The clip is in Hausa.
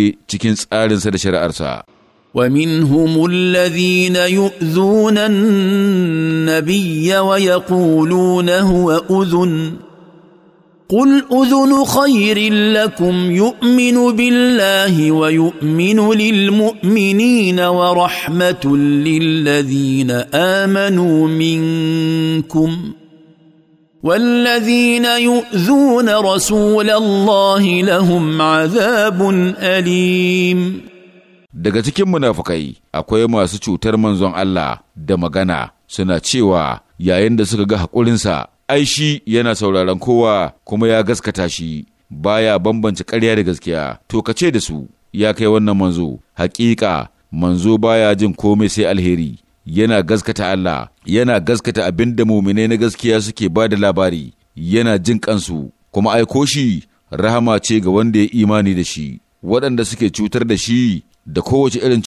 cikin tsarinsa da shari'arsa. ومنهم الذين يؤذون النبي ويقولون هو أذن قل أذن خير لكم يؤمن بالله ويؤمن للمؤمنين ورحمة للذين آمنوا منكم ۖ والذين يؤذون رسول الله لهم عذاب أليم daga cikin munafukai akwai masu cutar manzon Allah da magana suna cewa yayin da suka ga haƙurinsa ai shi yana sauraron kowa kuma ya gaskata shi baya bambance ƙarya da gaskiya to ka da su ya kai wannan manzo haƙiƙa manzo baya jin komai sai alheri yana gaskata Allah yana gaskata abin da muminai na gaskiya suke ba da labari yana jin kansu kuma aiko shi rahama ce ga wanda ya imani da shi waɗanda suke cutar da shi da kowace irin